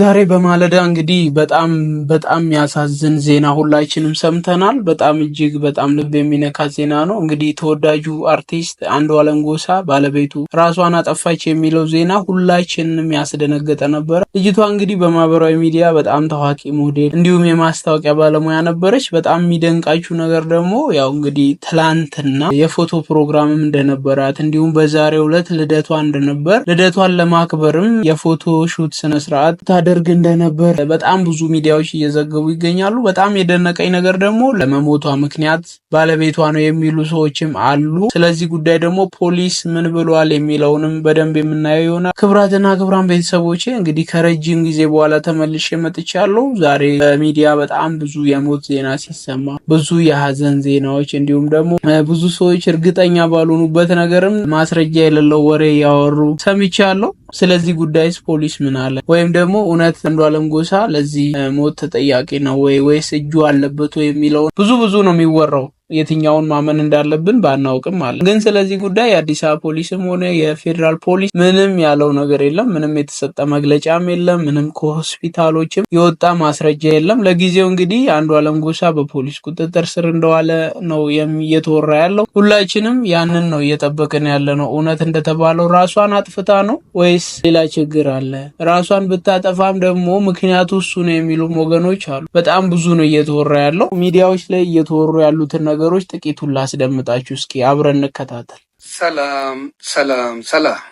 ዛሬ በማለዳ እንግዲህ በጣም በጣም ያሳዝን ዜና ሁላችንም ሰምተናል። በጣም እጅግ በጣም ልብ የሚነካ ዜና ነው። እንግዲህ ተወዳጁ አርቲስት አንዷለም ጎሳ ባለቤቱ ራሷን አጠፋች የሚለው ዜና ሁላችንም ያስደነገጠ ነበረ። ልጅቷ እንግዲህ በማህበራዊ ሚዲያ በጣም ታዋቂ ሞዴል እንዲሁም የማስታወቂያ ባለሙያ ነበረች። በጣም የሚደንቃችሁ ነገር ደግሞ ያው እንግዲህ ትላንትና የፎቶ ፕሮግራምም እንደነበራት እንዲሁም በዛሬው ዕለት ልደቷ እንደነበር ልደቷን ለማክበርም የፎቶ ሹት ስነስርዓት ሲያደርግ እንደነበር በጣም ብዙ ሚዲያዎች እየዘገቡ ይገኛሉ። በጣም የደነቀኝ ነገር ደግሞ ለመሞቷ ምክንያት ባለቤቷ ነው የሚሉ ሰዎችም አሉ። ስለዚህ ጉዳይ ደግሞ ፖሊስ ምን ብሏል የሚለውንም በደንብ የምናየው ይሆናል። ክብራትና ክብራን ቤተሰቦቼ እንግዲህ ከረጅም ጊዜ በኋላ ተመልሼ መጥቻለሁ። ዛሬ በሚዲያ በጣም ብዙ የሞት ዜና ሲሰማ፣ ብዙ የሀዘን ዜናዎች እንዲሁም ደግሞ ብዙ ሰዎች እርግጠኛ ባልሆኑበት ነገርም ማስረጃ የሌለው ወሬ እያወሩ ሰምቻለሁ። ስለዚህ ጉዳይስ ፖሊስ ምን አለ? ወይም ደግሞ እውነት አንዷለም ጎሳ ለዚህ ሞት ተጠያቂ ነው ወይ ወይስ እጁ አለበት የሚለውን ብዙ ብዙ ነው የሚወራው። የትኛውን ማመን እንዳለብን ባናውቅም አለ። ግን ስለዚህ ጉዳይ የአዲስ አበባ ፖሊስም ሆነ የፌዴራል ፖሊስ ምንም ያለው ነገር የለም። ምንም የተሰጠ መግለጫም የለም። ምንም ከሆስፒታሎችም የወጣ ማስረጃ የለም። ለጊዜው እንግዲህ አንዷለም ጎሳ በፖሊስ ቁጥጥር ስር እንደዋለ ነው እየተወራ ያለው። ሁላችንም ያንን ነው እየጠበቅን ያለ ነው። እውነት እንደተባለው ራሷን አጥፍታ ነው ወይስ ሌላ ችግር አለ? ራሷን ብታጠፋም ደግሞ ምክንያቱ እሱ ነው የሚሉም ወገኖች አሉ። በጣም ብዙ ነው እየተወራ ያለው። ሚዲያዎች ላይ እየተወሩ ያሉትን ነገር ነገሮች ጥቂቱን ላስደምጣችሁ። እስኪ አብረን እንከታተል። ሰላም ሰላም ሰላም፣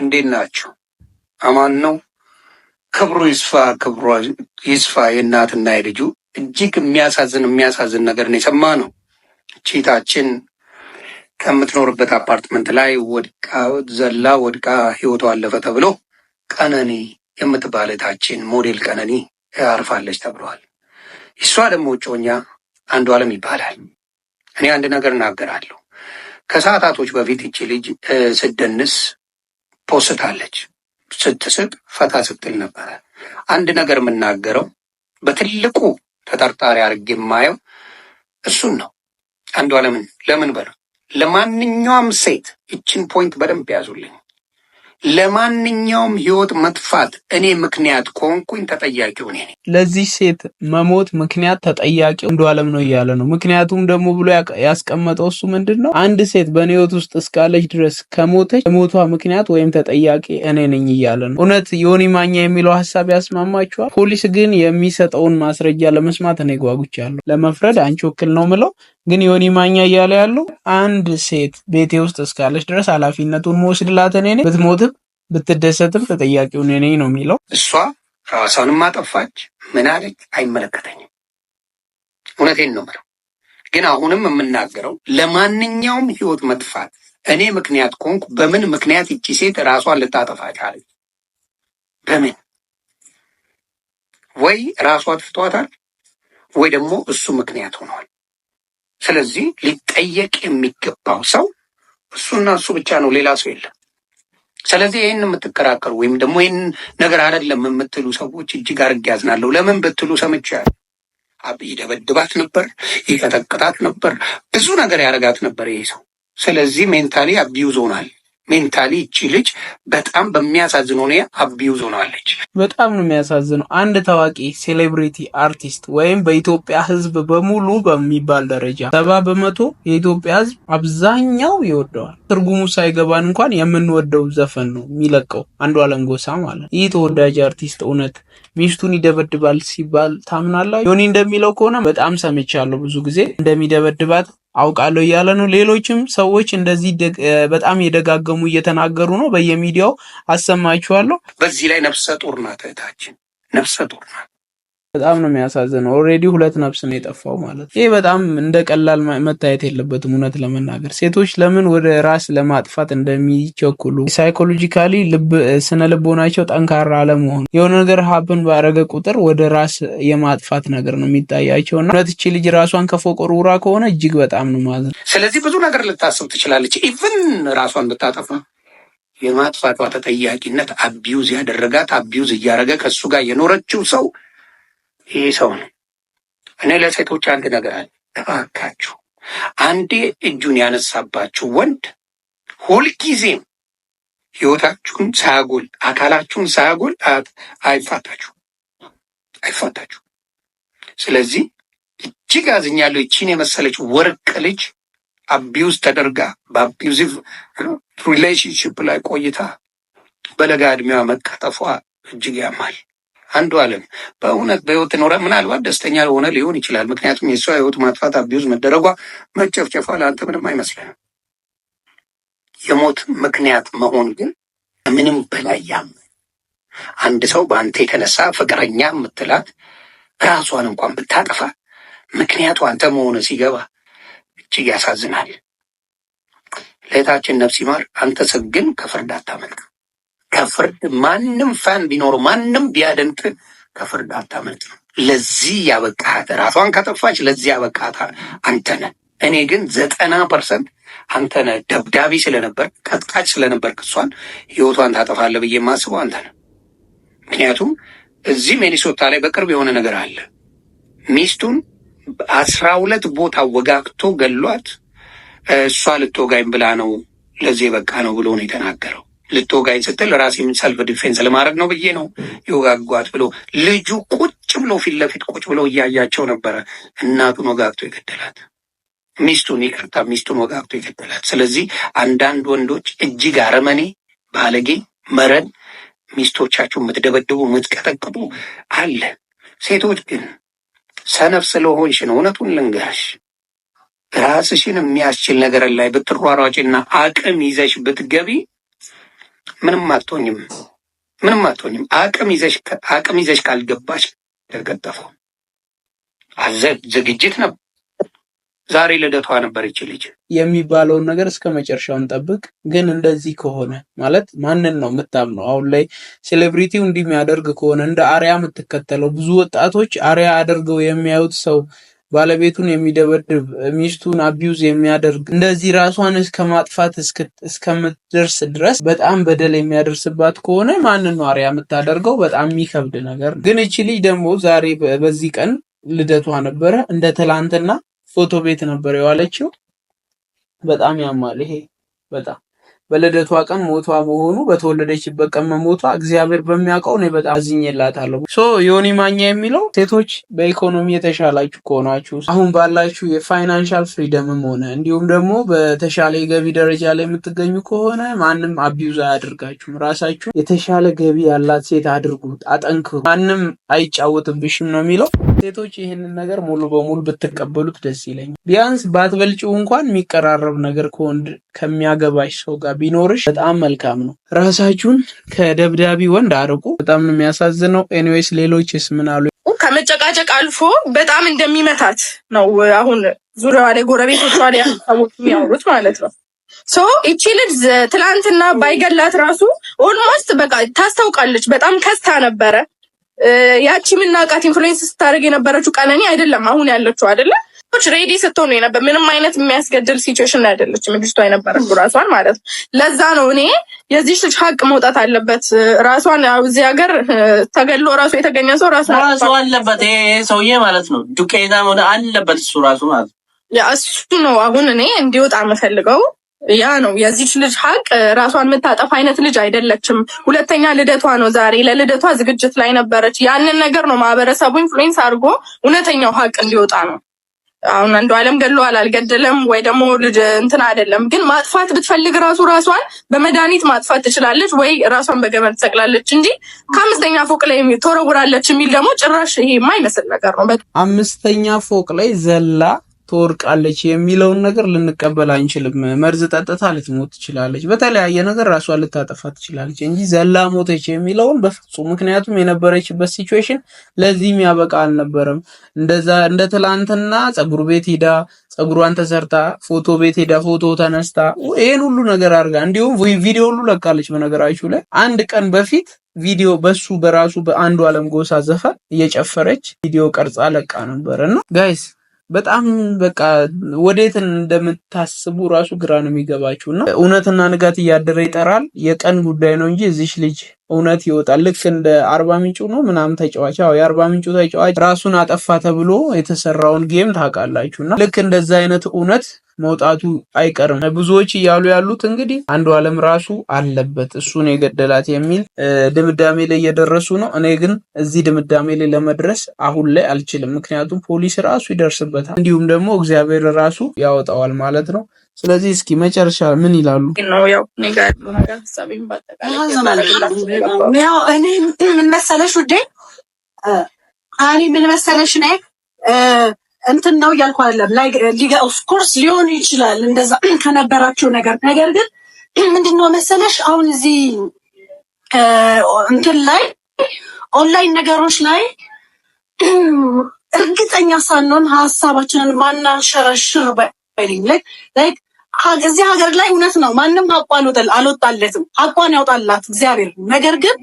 እንዴት ናችሁ? አማን ነው። ክብሩ ይስፋ፣ ክብሩ ይስፋ። የእናትና የልጁ እጅግ የሚያሳዝን የሚያሳዝን ነገር ነው የሰማ ነው። ቺታችን ከምትኖርበት አፓርትመንት ላይ ወድቃ ዘላ ወድቃ ህይወቷ አለፈ ተብሎ ቀነኒ የምትባለታችን ሞዴል ቀነኒ አርፋለች ተብሏል። እሷ ደግሞ እጮኛ አለም ይባላል። እኔ አንድ ነገር እናገራለሁ። ከሰዓታቶች በፊት እቺ ልጅ ስደንስ ፖስታለች። ስትስቅ ፈታ ስትል ነበረ። አንድ ነገር የምናገረው በትልቁ ተጠርጣሪ አድርጌ የማየው እሱን ነው። አንዷ ለምን ለምን በለው ለማንኛውም ሴት ይችን ፖይንት በደንብ ያዙልኝ። ለማንኛውም ህይወት መጥፋት እኔ ምክንያት ከሆንኩኝ ተጠያቂው እኔ ነኝ። ለዚህ ሴት መሞት ምክንያት ተጠያቂው አለም ነው እያለ ነው። ምክንያቱም ደግሞ ብሎ ያስቀመጠው እሱ ምንድን ነው? አንድ ሴት በእኔ ህይወት ውስጥ እስካለች ድረስ ከሞተች የሞቷ ምክንያት ወይም ተጠያቂ እኔ ነኝ እያለ ነው። እውነት ዮኒ ማኛ የሚለው ሀሳብ ያስማማችኋል? ፖሊስ ግን የሚሰጠውን ማስረጃ ለመስማት እኔ ጓጉቻለሁ። ለመፍረድ አንቺ ወክል ነው ምለው ግን ዮኒ ማኛ እያለ ያለው አንድ ሴት ቤቴ ውስጥ እስካለች ድረስ ኃላፊነቱን መወስድላት እኔ ነኝ፣ ብትሞትም ብትደሰትም ተጠያቂውን እኔ ነው የሚለው። እሷ ራሷንም አጠፋች ምን አለች አይመለከተኝም። እውነቴን ነው የምለው። ግን አሁንም የምናገረው ለማንኛውም ህይወት መጥፋት እኔ ምክንያት ከሆንኩ በምን ምክንያት ይቺ ሴት ራሷን ልታጠፋ ቻለች? በምን ወይ ራሷ ትፍቷታል፣ ወይ ደግሞ እሱ ምክንያት ሆኗል። ስለዚህ ሊጠየቅ የሚገባው ሰው እሱና እሱ ብቻ ነው፣ ሌላ ሰው የለም። ስለዚህ ይህን የምትከራከሩ ወይም ደግሞ ይህን ነገር አይደለም የምትሉ ሰዎች እጅግ አድርጌ ያዝናለሁ። ለምን ብትሉ ሰምቻለሁ። አብይ ይደበድባት ነበር፣ ይቀጠቅጣት ነበር፣ ብዙ ነገር ያደርጋት ነበር ይሄ ሰው። ስለዚህ ሜንታሊ አብዩዝ ሆናል። ሜንታሊ እቺ ልጅ በጣም በሚያሳዝን ሁኔ አቢዩዝ ሆናለች። በጣም ነው የሚያሳዝነው። አንድ ታዋቂ ሴሌብሪቲ አርቲስት ወይም በኢትዮጵያ ሕዝብ በሙሉ በሚባል ደረጃ ሰባ በመቶ የኢትዮጵያ ሕዝብ አብዛኛው ይወደዋል። ትርጉሙ ሳይገባን እንኳን የምንወደው ዘፈን ነው የሚለቀው አንዷለም ጎሳ ማለት። ይህ ተወዳጅ አርቲስት እውነት ሚስቱን ይደበድባል ሲባል ታምናላ? ዮኒ እንደሚለው ከሆነ በጣም ሰምቻለሁ ብዙ ጊዜ እንደሚደበድባት አውቃለሁ እያለ ነው። ሌሎችም ሰዎች እንደዚህ በጣም የደጋገሙ እየተናገሩ ነው። በየሚዲያው አሰማችኋለሁ። በዚህ ላይ ነፍሰ ጡር ናት እህታችን፣ ነፍሰ ጡር ናት። በጣም ነው የሚያሳዝነው። ኦልሬዲ ሁለት ነፍስ ነው የጠፋው ማለት ይሄ ይህ በጣም እንደ ቀላል መታየት የለበትም። እውነት ለመናገር ሴቶች ለምን ወደ ራስ ለማጥፋት እንደሚቸኩሉ ሳይኮሎጂካሊ ስነ ልቦናቸው ጠንካራ አለመሆኑ የሆነ ነገር ሀብን ባረገ ቁጥር ወደ ራስ የማጥፋት ነገር ነው የሚታያቸው እና እውነት እቺ ልጅ ራሷን ከፎቅ ውራ ከሆነ እጅግ በጣም ነው ማዝነው። ስለዚህ ብዙ ነገር ልታስብ ትችላለች። ኢቭን ራሷን ብታጠፋ የማጥፋቷ ተጠያቂነት አቢዩዝ ያደረጋት አቢዩዝ እያደረገ ከሱ ጋር የኖረችው ሰው ይህ ሰው ነው። እኔ ለሴቶች አንድ ነገር አለ፣ እባካችሁ አንዴ እጁን ያነሳባችሁ ወንድ ሁልጊዜም ህይወታችሁን ሳያጎል አካላችሁን ሳያጎል አይፋታችሁ አይፋታችሁ። ስለዚህ እጅግ አዝኛለሁ። ይቺን የመሰለች ወርቅ ልጅ አቢውዝ ተደርጋ በአቢውዚቭ ሪሌሽንሽፕ ላይ ቆይታ በለጋ እድሜዋ መቀጠፏ እጅግ ያማል። አንዱ አለም በእውነት በህይወት ኖረ ምናልባት ደስተኛ ሆነ ሊሆን ይችላል። ምክንያቱም የእሷ ህይወት ማጥፋት፣ አቢዩዝ መደረጓ፣ መጨፍጨፏ ለአንተ ምንም አይመስልህም። የሞት ምክንያት መሆን ግን ምንም በላይ ያም አንድ ሰው በአንተ የተነሳ ፍቅረኛ የምትላት ራሷን እንኳን ብታጠፋ ምክንያቱ አንተ መሆነ ሲገባ እጅግ ያሳዝናል። ለእህታችን ነፍስ ይማር። አንተ ግን ከፍርድ አታመልጥ። ከፍርድ ማንም ፋን ቢኖረው ማንም ቢያደንቅ ከፍርድ አታመልጥ ነው። ለዚህ ያበቃት ራሷን ካጠፋች ለዚህ ያበቃት አንተነህ። እኔ ግን ዘጠና ፐርሰንት አንተነ ደብዳቢ ስለነበር ቀጥቃጭ ስለነበር ክሷን ህይወቷን ታጠፋለ ብዬ የማስበው ነ። ምክንያቱም እዚህ ሜኒሶታ ላይ በቅርብ የሆነ ነገር አለ። ሚስቱን አስራ ሁለት ቦታ ወጋግቶ ገሏት። እሷ ልትወጋኝ ብላ ነው ለዚህ የበቃ ነው ብሎ ነው የተናገረው። ልትወጋኝ ስትል ራሴን ሰልፍ ዲፌንስ ለማድረግ ነው ብዬ ነው የወጋጓት ብሎ ልጁ ቁጭ ብሎ ፊት ለፊት ቁጭ ብሎ እያያቸው ነበረ። እናቱን ወጋግቶ ይገደላት፣ ሚስቱን ይቅርታ፣ ሚስቱን ወጋግቶ ይገደላት። ስለዚህ አንዳንድ ወንዶች እጅግ አረመኔ፣ ባለጌ፣ መረን ሚስቶቻችሁ የምትደበድቡ የምትቀጠቅጡ አለ። ሴቶች ግን ሰነፍ ስለሆንሽ ነው። እውነቱን ልንገርሽ ራስሽን የሚያስችል ነገር ላይ ብትሯሯጭና አቅም ይዘሽ ብትገቢ ምንም አትሆኝም፣ ምንም አትሆኝም። አቅም ይዘሽ ካልገባሽ ደርገጠፈው ዝግጅት ነው። ዛሬ ልደቷ ነበር ይች ልጅ የሚባለውን ነገር እስከ መጨረሻው እንጠብቅ። ግን እንደዚህ ከሆነ ማለት ማንን ነው የምታምነው? አሁን ላይ ሴሌብሪቲው እንዲህ የሚያደርግ ከሆነ እንደ አሪያ የምትከተለው ብዙ ወጣቶች አሪያ አድርገው የሚያዩት ሰው ባለቤቱን የሚደበድብ ሚስቱን አቢዩዝ የሚያደርግ እንደዚህ ራሷን እስከ ማጥፋት እስከምትደርስ ድረስ በጣም በደል የሚያደርስባት ከሆነ ማንን ነው የምታደርገው? በጣም የሚከብድ ነገር ነው። ግን እቺ ልጅ ደግሞ ዛሬ በዚህ ቀን ልደቷ ነበረ። እንደ ትላንትና ፎቶ ቤት ነበር የዋለችው። በጣም ያማል ይሄ በጣም በልደቷ ቀን ሞቷ መሆኑ በተወለደችበት ቀን መሞቷ እግዚአብሔር በሚያውቀው እኔ በጣም አዝኜላታለሁ። ሶ ዮኒ ማኛ የሚለው ሴቶች በኢኮኖሚ የተሻላችሁ ከሆናችሁ አሁን ባላችሁ የፋይናንሻል ፍሪደምም ሆነ እንዲሁም ደግሞ በተሻለ የገቢ ደረጃ ላይ የምትገኙ ከሆነ ማንም አቢዩዝ አያደርጋችሁም። ራሳችሁ የተሻለ ገቢ ያላት ሴት አድርጉት፣ አጠንክሩ፣ ማንም ብሽም ነው የሚለው። ሴቶች ይህንን ነገር ሙሉ በሙሉ ብትቀበሉት ደስ ይለኛል። ቢያንስ ባትበልጭው እንኳን የሚቀራረብ ነገር ከወንድ ከሚያገባሽ ሰው ጋር ቢኖርሽ በጣም መልካም ነው። ራሳችሁን ከደብዳቢ ወንድ አርቁ። በጣም ነው የሚያሳዝነው። ኤኒዌይስ ሌሎችስ ምን አሉ? ከመጨቃጨቅ አልፎ በጣም እንደሚመታት ነው አሁን ዙሪያዋ ላይ ጎረቤቶቿ ላይ ሰዎች የሚያወሩት ማለት ነው። ሶ እቺ ልጅ ትላንትና ባይገላት ራሱ ኦልሞስት በቃ ታስታውቃለች። በጣም ከስታ ነበረ። ያቺ ምናቃት ኢንፍሉዌንስ ስታደርግ የነበረችው ቀነኒ አይደለም አሁን ያለችው አይደለም ሰዎች ሬዲ ስትሆን የነበር ምንም አይነት የሚያስገድል ሲዌሽን አይደለችም ልጅቷ የነበረች ራሷን ማለት ነው። ለዛ ነው እኔ የዚች ልጅ ሀቅ መውጣት አለበት። ራሷን እዚህ ሀገር ተገሎ ራሱ የተገኘ ሰው ራሱ አለበት ሰውዬ ማለት ነው። ዱቄታ ሆነ አለበት እሱ ራሱ ማለት ነው። እሱ ነው አሁን እኔ እንዲወጣ የምፈልገው ያ ነው የዚች ልጅ ሀቅ። ራሷን የምታጠፍ አይነት ልጅ አይደለችም። ሁለተኛ ልደቷ ነው ዛሬ። ለልደቷ ዝግጅት ላይ ነበረች። ያንን ነገር ነው ማህበረሰቡ ኢንፍሉዌንስ አድርጎ እውነተኛው ሀቅ እንዲወጣ ነው አሁን አንዱ አለም ገለዋል አልገደለም ወይ ደግሞ ልጅ እንትን አይደለም። ግን ማጥፋት ብትፈልግ ራሱ ራሷን በመድኃኒት ማጥፋት ትችላለች ወይ ራሷን በገመድ ትሰቅላለች እንጂ ከአምስተኛ ፎቅ ላይ ተወረውራለች የሚል ደግሞ ጭራሽ ይሄ የማይመስል ነገር ነው። አምስተኛ ፎቅ ላይ ዘላ ትወርቃለች የሚለውን ነገር ልንቀበል አንችልም። መርዝ ጠጥታ ልትሞት ትችላለች፣ በተለያየ ነገር ራሷን ልታጠፋ ትችላለች እንጂ ዘላ ሞተች የሚለውን በፍጹም ምክንያቱም የነበረችበት ሲቹዌሽን ለዚህ የሚያበቃ አልነበረም። እንደዛ እንደ ትላንትና ፀጉር ቤት ሄዳ ፀጉሯን ተሰርታ፣ ፎቶ ቤት ሄዳ ፎቶ ተነስታ፣ ይህን ሁሉ ነገር አድርጋ እንዲሁም ቪዲዮ ሁሉ ለቃለች። በነገራችሁ ላይ አንድ ቀን በፊት ቪዲዮ በሱ በራሱ በአንዱ አለም ጎሳ ዘፈን እየጨፈረች ቪዲዮ ቀርጻ ለቃ ነበር ነው ጋይስ በጣም በቃ ወዴት እንደምታስቡ ራሱ ግራ ነው የሚገባችሁ። እና እውነትና ንጋት እያደረ ይጠራል። የቀን ጉዳይ ነው እንጂ እዚች ልጅ እውነት ይወጣል። ልክ እንደ አርባ ምንጩ ነው ምናምን ተጫዋች ው የአርባ ምንጩ ተጫዋች ራሱን አጠፋ ተብሎ የተሰራውን ጌም ታውቃላችሁ። እና ልክ እንደዛ አይነት እውነት መውጣቱ አይቀርም። ብዙዎች እያሉ ያሉት እንግዲህ አንዱ አለም ራሱ አለበት እሱን የገደላት የሚል ድምዳሜ ላይ እየደረሱ ነው። እኔ ግን እዚህ ድምዳሜ ላይ ለመድረስ አሁን ላይ አልችልም። ምክንያቱም ፖሊስ ራሱ ይደርስበታል፣ እንዲሁም ደግሞ እግዚአብሔር ራሱ ያወጣዋል ማለት ነው። ስለዚህ እስኪ መጨረሻ ምን ይላሉ? እኔ ምን መሰለሽ ውዴ፣ ምን መሰለሽ እንትን ነው እያልኩ አይደለም። ላይክ ኦፍኮርስ ሊሆን ይችላል እንደዛ ከነበራቸው ነገር ነገር ግን ምንድነው መሰለሽ አሁን እዚህ እንትን ላይ ኦንላይን ነገሮች ላይ እርግጠኛ ሳንሆን ሀሳባችንን ማናሸረሽር እዚህ ሀገር ላይ እውነት ነው፣ ማንም ሀቋን አልወጣለትም። ሀቋን ያውጣላት እግዚአብሔር። ነገር ግን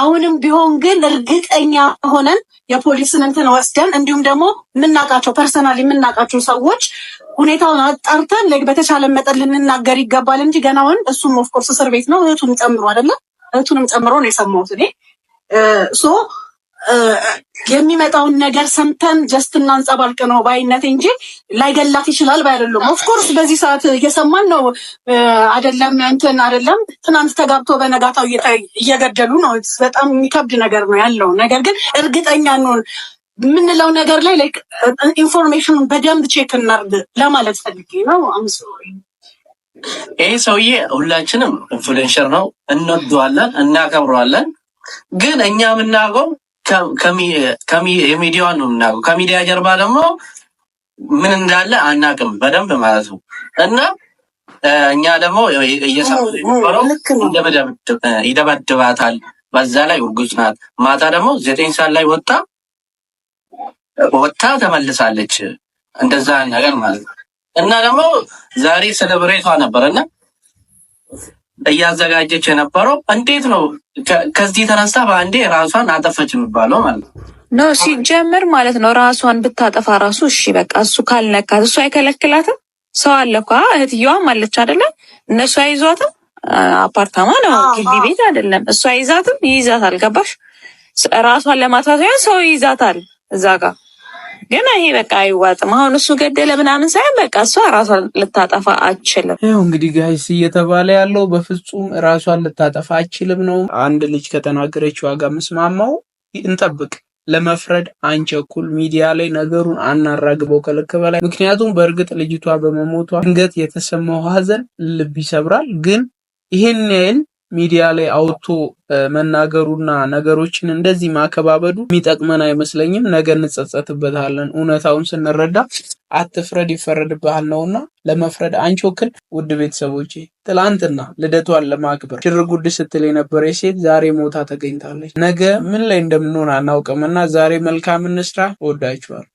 አሁንም ቢሆን ግን እርግጠኛ ሆነን የፖሊስን እንትን ወስደን እንዲሁም ደግሞ የምናውቃቸው ፐርሰናል የምናውቃቸው ሰዎች ሁኔታውን አጣርተን በተቻለ መጠን ልንናገር ይገባል እንጂ ገና አሁን እሱም ኦፍኮርስ እስር ቤት ነው፣ እህቱንም ጨምሮ አይደለም እህቱንም ጨምሮ ነው የሰማሁት እኔ የሚመጣውን ነገር ሰምተን ጀስት እናንጸባርቅ ነው ባይነት እንጂ ላይገላት ይችላል ባይ ኦፍኮርስ በዚህ ሰዓት እየሰማን ነው አደለም፣ እንትን አደለም። ትናንት ተጋብቶ በነጋታው እየገደሉ ነው። በጣም የሚከብድ ነገር ነው ያለው። ነገር ግን እርግጠኛ እንሆን የምንለው ነገር ላይ ኢንፎርሜሽኑን በደንብ ቼክ እናርግ ለማለት ፈልጌ ነው። ይህ ሰውዬ ሁላችንም ኢንፍሉዌንሸር ነው፣ እንወደዋለን፣ እናከብረዋለን። ግን እኛ የምናውቀው የሚዲያዋን ነው የምናውቀው። ከሚዲያ ጀርባ ደግሞ ምን እንዳለ አናቅም በደንብ ማለት ነው። እና እኛ ደግሞ ይደበድባታል። በዛ ላይ እርጉዝ ናት። ማታ ደግሞ ዘጠኝ ሰዓት ላይ ወጣ ወጣ ተመልሳለች። እንደዛ ነገር ማለት ነው። እና ደግሞ ዛሬ ሴሌብሬቷ ነበር እና እያዘጋጀች የነበረው እንዴት ነው? ከዚህ ተነስታ በአንዴ ራሷን አጠፈች የሚባለው ማለት ነው ሲጀምር ማለት ነው። ራሷን ብታጠፋ ራሱ እሺ በቃ እሱ ካልነካት እሱ አይከለክላትም። ሰው አለ እኮ እህትየዋ ማለች አይደለም። እነሱ አይዟትም። አፓርታማ ነው ግቢ ቤት አደለም። እሱ አይዛትም፣ ይይዛታል። ገባሽ? ራሷን ለማጥፋት ሰው ይይዛታል እዛ ጋር ግን ይሄ በቃ አይዋጥም። አሁን እሱ ገደለ ምናምን ሳይሆን በቃ እሷ ራሷን ልታጠፋ አችልም። ይኸው እንግዲህ ጋይስ እየተባለ ያለው በፍጹም ራሷን ልታጠፋ አችልም ነው። አንድ ልጅ ከተናገረችው ዋጋ ምስማማው። እንጠብቅ ለመፍረድ አንቸኩል። ሚዲያ ላይ ነገሩን አናራግበው ከልክ በላይ ምክንያቱም በእርግጥ ልጅቷ በመሞቷ ድንገት የተሰማው ሀዘን ልብ ይሰብራል። ግን ይህን ሚዲያ ላይ አውጥቶ መናገሩና ነገሮችን እንደዚህ ማከባበዱ የሚጠቅመን አይመስለኝም። ነገ እንጸጸትበታለን። እውነታውን ስንረዳ አትፍረድ ይፈረድብሃል ነውና ለመፍረድ አንቾክን። ውድ ቤተሰቦቼ ትላንትና ልደቷን ለማክበር ሽርጉድ ስትል የነበረች ሴት ዛሬ ሞታ ተገኝታለች። ነገ ምን ላይ እንደምንሆን አናውቅምና ዛሬ መልካም እንስራ። ወዳችኋል።